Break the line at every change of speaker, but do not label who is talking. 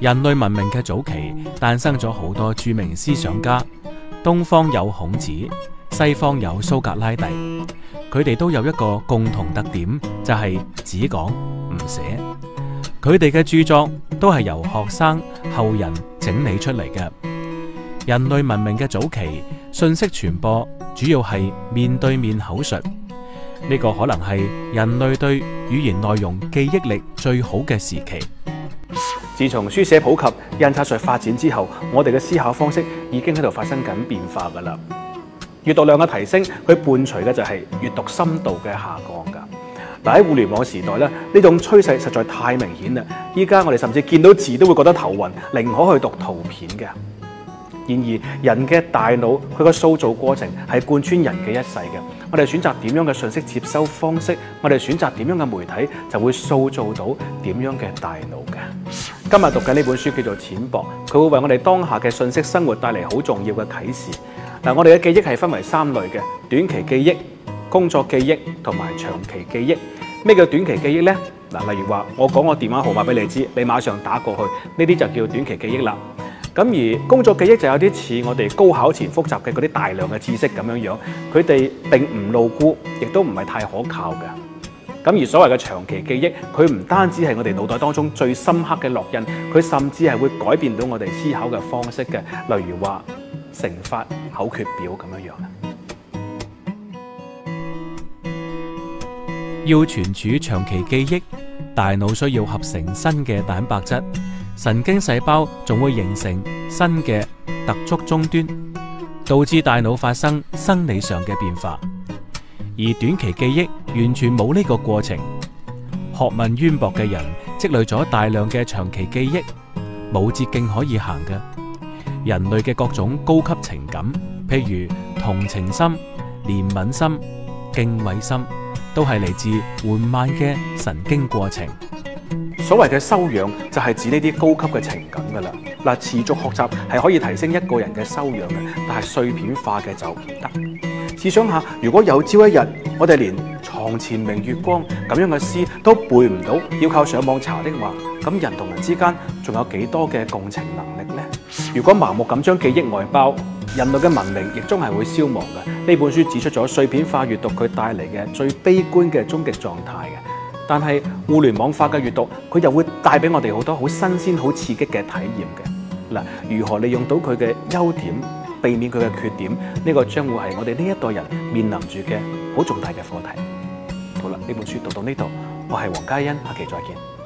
人類文明嘅早期誕生咗好多著名思想家，東方有孔子，西方有蘇格拉底，佢哋都有一個共同特點，就係只講唔寫。佢哋嘅著作都係由學生後人整理出嚟嘅。人類文明嘅早期，信息傳播主要係面對面口述，呢個可能係人類對語言內容記憶力最好嘅時期。自從書寫普及、印刷在發展之後，我哋嘅思考方式已經喺度發生緊變化㗎啦。閱讀量嘅提升，佢伴隨嘅就係閱讀深度嘅下降㗎。但喺互聯網時代咧，呢種趨勢實在太明顯啦。依家我哋甚至見到字都會覺得頭暈，寧可去讀圖片嘅。然而，人嘅大腦佢嘅塑造過程係貫穿人嘅一世嘅。我哋選擇點樣嘅信息接收方式，我哋選擇點樣嘅媒體，就會塑造到點樣嘅大腦嘅。今日讀緊呢本書叫做淺薄，佢會為我哋當下嘅信息生活帶嚟好重要嘅啟示。嗱、啊，我哋嘅記憶係分為三類嘅，短期記憶、工作記憶同埋長期記憶。咩叫短期記憶呢？嗱、啊，例如話我講個電話號碼俾你知，你馬上打過去，呢啲就叫短期記憶啦。咁、啊、而工作記憶就有啲似我哋高考前復習嘅嗰啲大量嘅知識咁樣樣，佢哋並唔牢固，亦都唔係太可靠嘅。咁而所謂嘅長期記憶，佢唔單止係我哋腦袋當中最深刻嘅烙印，佢甚至係會改變到我哋思考嘅方式嘅。例如話乘法口訣表咁樣。要存儲長期記憶，大腦需要合成新嘅蛋白質，神經細胞仲會形成新嘅突觸終端，導致大腦發生生理上嘅變化。而短期記憶，完全冇呢個過程，學問淵博嘅人積累咗大量嘅長期記憶，冇捷徑可以行嘅。人類嘅各種高級情感，譬如同情心、憐憫心、敬畏心，都係嚟自緩慢嘅神經過程。所謂嘅修養就係指呢啲高級嘅情感噶啦。嗱，持續學習係可以提升一個人嘅修養嘅，但係碎片化嘅就唔得。試想下，如果有朝一日我哋連床前明月光，咁樣嘅詩都背唔到，要靠上網查的話，咁人同人之間仲有幾多嘅共情能力呢？如果盲目咁將記憶外包，人類嘅文明亦終係會消亡嘅。呢本書指出咗碎片化閱讀佢帶嚟嘅最悲觀嘅終極狀態嘅，但係互聯網化嘅閱讀，佢又會帶俾我哋好多好新鮮、好刺激嘅體驗嘅。嗱，如何利用到佢嘅優點，避免佢嘅缺點，呢個將會係我哋呢一代人面臨住嘅好重大嘅課題。好啦，呢本書讀到呢度，我係黃嘉欣，下期再見。